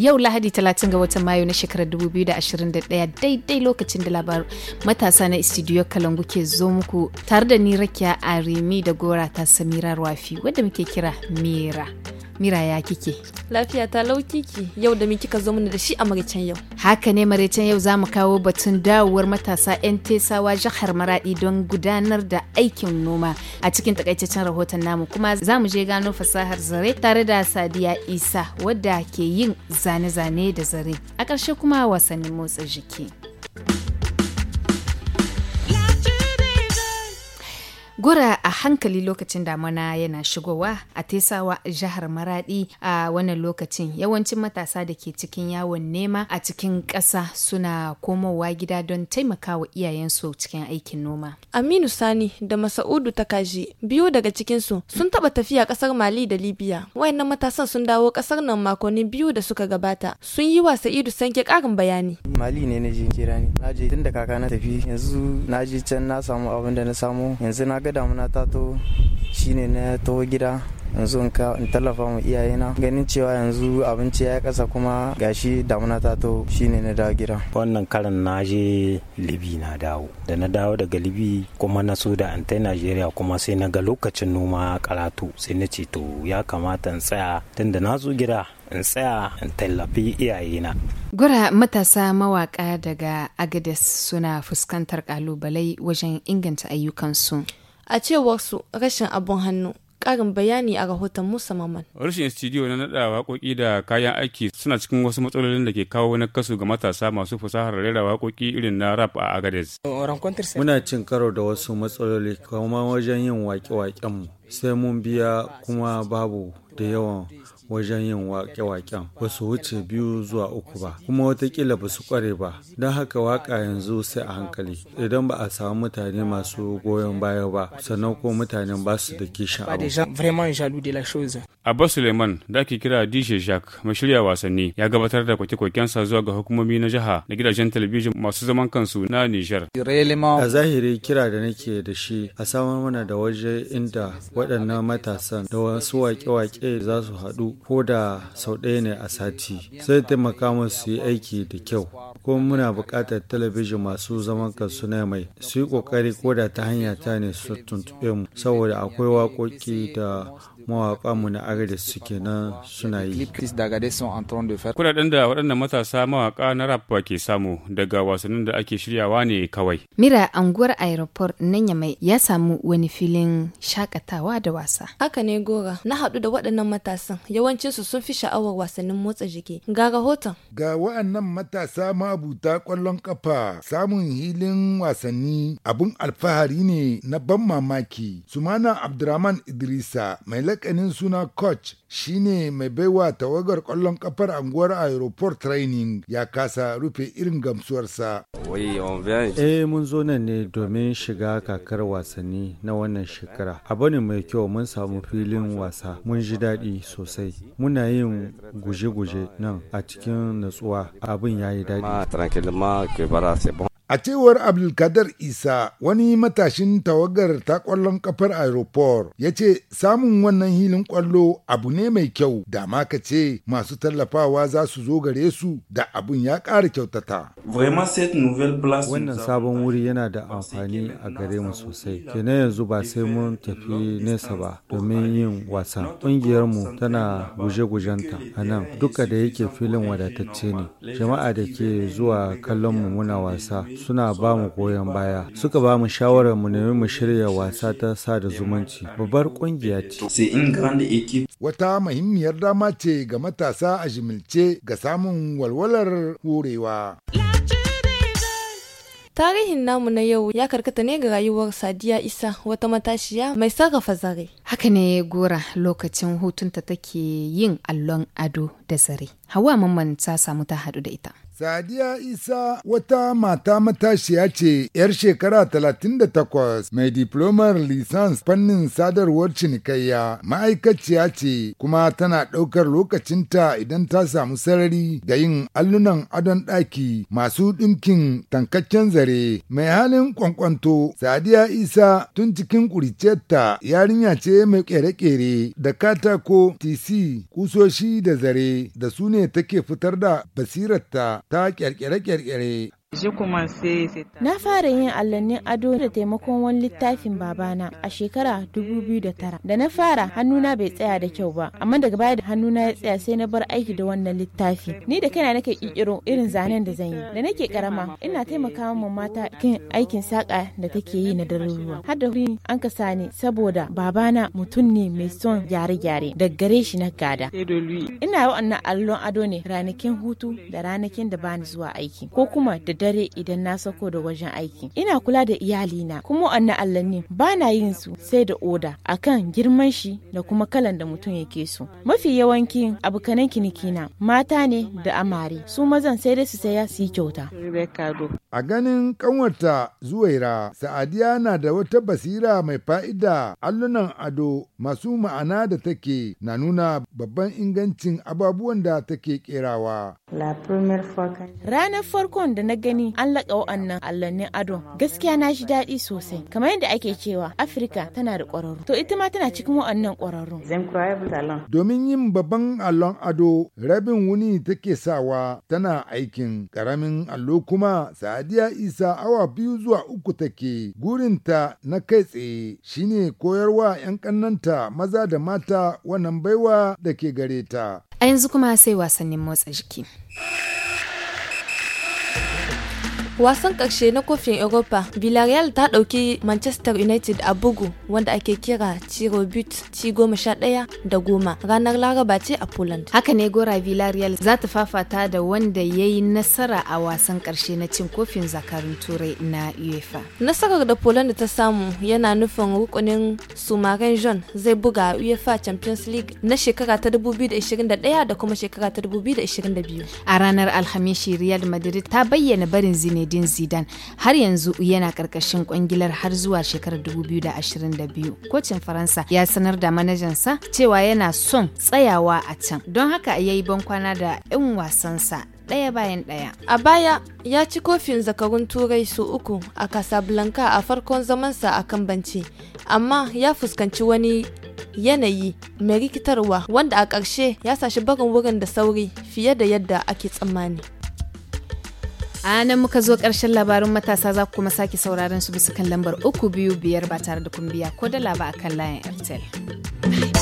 yau lahadi 30 ga watan mayu na shekarar 2021 daidai lokacin da labar matasa na studio kalangu ke zo muku tare da ni rakiya arimi da gora ta samira rafi wadda muke kira mira miraya kike? Lafiya ta laukiki. yau da mi kika zo mana da shi a maraicen yau. Haka ne maraicen yau za mu kawo batun dawowar matasa 'yan tesawa jihar Maradi don gudanar da aikin noma a cikin takaitaccen rahoton namu kuma za mu je gano fasahar zare tare da Sadiya Isa wadda ke yin zane-zane da zare. A ƙarshe kuma wasannin motsa jiki. Gura a hankali lokacin damana yana shigowa a tesawa jihar Maradi a wannan lokacin yawancin matasa da ke cikin yawon nema a cikin ƙasa suna komowa gida don taimakawa iyayensu cikin aikin noma. Aminu Sani da Masa'udu Takaji biyu daga cikinsu sun taɓa tafiya kasar Mali da Libya. Wayannan matasan sun dawo kasar nan makonni biyu da suka gabata. Sun yi wa Sa'idu Sanke ƙarin bayani. Mali ne na je kira Na je tun da kaka na tafi yanzu na je can na samu abin da na samu yanzu na kai damuna ta to ne na taho gida yanzu in tallafa mu iyayena ganin cewa yanzu abinci ya kasa kuma gashi damuna ta to ne na dawo gida wannan karan na je libi na dawo da na dawo daga libi kuma na so da antai najeriya kuma sai na ga lokacin noma karatu sai na ce to ya kamata in tsaya tunda na zo gida in tsaya in tallafi iyayena Gura matasa mawaka daga Agades suna fuskantar kalubalai wajen inganta ayyukansu. a cewar su rashin abun hannu karin bayani a rahoton Musa Maman. Rashin studio na nada waƙoƙi da kayan aiki suna cikin wasu matsalolin da ke kawo na kasu ga matasa masu fasahar rera waƙoƙi irin na rap a Agadez. Muna cin karo da wasu matsaloli kuma wajen yin waƙe-waƙen mu. sai mun biya kuma babu da yawan wajen yin wake-waken ba su wuce biyu zuwa uku ba kuma watakila ba su kware ba don haka waƙa yanzu sai a hankali idan ba a samu mutane masu goyon baya ba sannan ko mutane ba su da kishin abu abbas suleiman da ake kira dj jack mai shirya wasanni ya gabatar da kwake-kwakensa zuwa ga hukumomi na jiha da gidajen talabijin masu zaman kansu na niger. a zahiri kira da nake da shi a samar mana da waje inda waɗannan matasan da wasu wake-wake za su haɗu ko da sau ɗaya ne a sati sai taimaka musu su yi aiki da kyau ko muna buƙatar talabijin masu zaman kansu na mai su yi ƙoƙari ko da ta hanya ta ne su tuntuɓe mu saboda akwai waƙoƙi da mu na agadis suke nan suna yi. Kudaden da waɗannan matasa mawaƙa na rap ke samu daga wasannin da ake shiryawa ne kawai. Mira anguwar aeroport nan yamai ya samu wani filin shakatawa da wasa. Haka ne gora na haɗu da waɗannan matasan yawancinsu sun fi sha'awar wasannin motsa jiki. Ga rahoton. Ga waɗannan matasa mabuta ƙwallon kafa samun hilin wasanni abun alfahari ne na ban mamaki. Sumana Abdurrahman Idrisa mai dakanin suna coach shine mai baiwa tawagar kwallon kafar anguwar aeroport training ya kasa rufe irin gamsuwarsa. Eh mun zo nan ne domin shiga kakar wasanni na wannan shekara. Abu ne mai kyau mun samu filin wasa mun ji daɗi sosai. Muna yin guje-guje nan a cikin natsuwa abin ya yi daɗi. A cewar abdulkadar Isa wani matashin tawagar ta kwallon kafar aeroport ya ce samun wannan hilin kwallo abu ne mai kyau da ma ka ce masu tallafawa za su zo gare su da abun ya ƙara kyautata. Wannan sabon wuri yana da amfani a gare mu sosai. Kenan yanzu ba sai mun tafi nesa ba domin yin wasan. mu tana guje-gujenta a nan duka da yake filin wadatacce ne. Jama'a da ke zuwa kallon mu muna wasa suna ba mu goyon baya suka ba mu shawarar mu nemi mu shirya wasa ta sada zumunci babbar kungiya ce wata muhimmiyar dama ce ga matasa a jimilce ga samun walwalar horewa Tarihin namu na yau ya karkata ne ga rayuwar Sadiya Isa wata matashiya mai sarrafa zare. Haka ne gora lokacin hutunta take yin allon ado da zare. Hawa mamman ta samu ta hadu da ita. Sadiya Isa wata mata matashiya ce 'yar shekara 38 mai diplomar lisans fannin sadarwar cinikayya ma'aikaciya ce kuma tana ɗaukar lokacinta idan ta samu sarari da yin allunan adon ɗaki masu ɗinkin tankakken zare mai halin kwankwanto Sadiya Isa tun cikin ƙuricetta yarinya ce mai ƙere-ƙere da katako tisi, kusoshi da zare da su ne take fitar da basirarta ta kyarkyare-kyarkyare Na fara yin allannin ado da taimakon wani littafin babana a shekara 2009. Da na fara hannuna bai tsaya da kyau ba, amma daga baya da hannuna ya tsaya sai na bar aiki da wannan littafi. Ni da kaina nake kirkiro irin zanen da zan yi. Da nake karama, ina taimaka ma mata kin aikin saka da take yi na daruruwa. Har da an ka sani saboda babana mutum ne mai son gyare-gyare da gare shi na gada. Ina wa'annan allon ado ne ranakin hutu da ranakin da bani zuwa aiki ko kuma da dare idan na sako da wajen aiki ina kula da iyali na. kuma wannan ne ba na yin su sai da oda akan girman shi da kuma kalan da mutum yake so mafi yawanki yawanci abokanan na. mata ne da amare su mazan sai dai su saya su yi kyauta a ganin kanwarta zuwaira sa'adiya na da wata basira mai fa'ida allunan ado masu ma'ana da take na nuna babban ingancin ababuwan da take kerawa ranar farkon da na gani an laƙa wa'annan allannin adon gaskiya na shi daɗi sosai kamar yadda ake cewa afirka tana da ƙwararru to ita ma tana cikin wa'annan ƙwararru. domin yin babban allon ado rabin wuni take sawa tana aikin karamin allo kuma sadiya isa awa biyu zuwa uku take gurinta na kai tsaye shine koyarwa 'yan ƙannanta maza da mata wannan baiwa da ke gare ta. A yanzu kuma sai wasannin motsa jiki. wasan ƙarshe na kofin europa villarreal ta ɗauki manchester united a bugu wanda ake kira ciro but ci goma sha ɗaya da goma ranar laraba ce a poland haka ne gora villarreal za ta fafata da wanda ya yi nasara a wasan ƙarshe na cin kofin zakarun turai na uefa nasarar da poland ta samu yana nufin rukunin sumaren john zai buga uefa champions league na shekara ta 2021 da kuma shekara ta 2022 a ranar alhamishi real madrid ta bayyana barin zine Zinedine Zidane har yanzu yana karkashin kwangilar har zuwa shekarar 2022. Kocin Faransa ya sanar da manajansa cewa yana son tsayawa a can. Don haka ya yi bankwana da 'yan wasansa ɗaya bayan ɗaya. A baya ya ci kofin zakarun turai su uku a Casablanca a farkon zamansa a kan banci, amma ya fuskanci wani yanayi mai rikitarwa wanda a ƙarshe ya sashi barin wurin da sauri fiye da yadda ake tsammani. a nan muka zo ƙarshen labarin matasa za kuma sake sauraron su bisa kan lambar uku biyu biyar ba tare da kun biya ko da laba kan layin airtel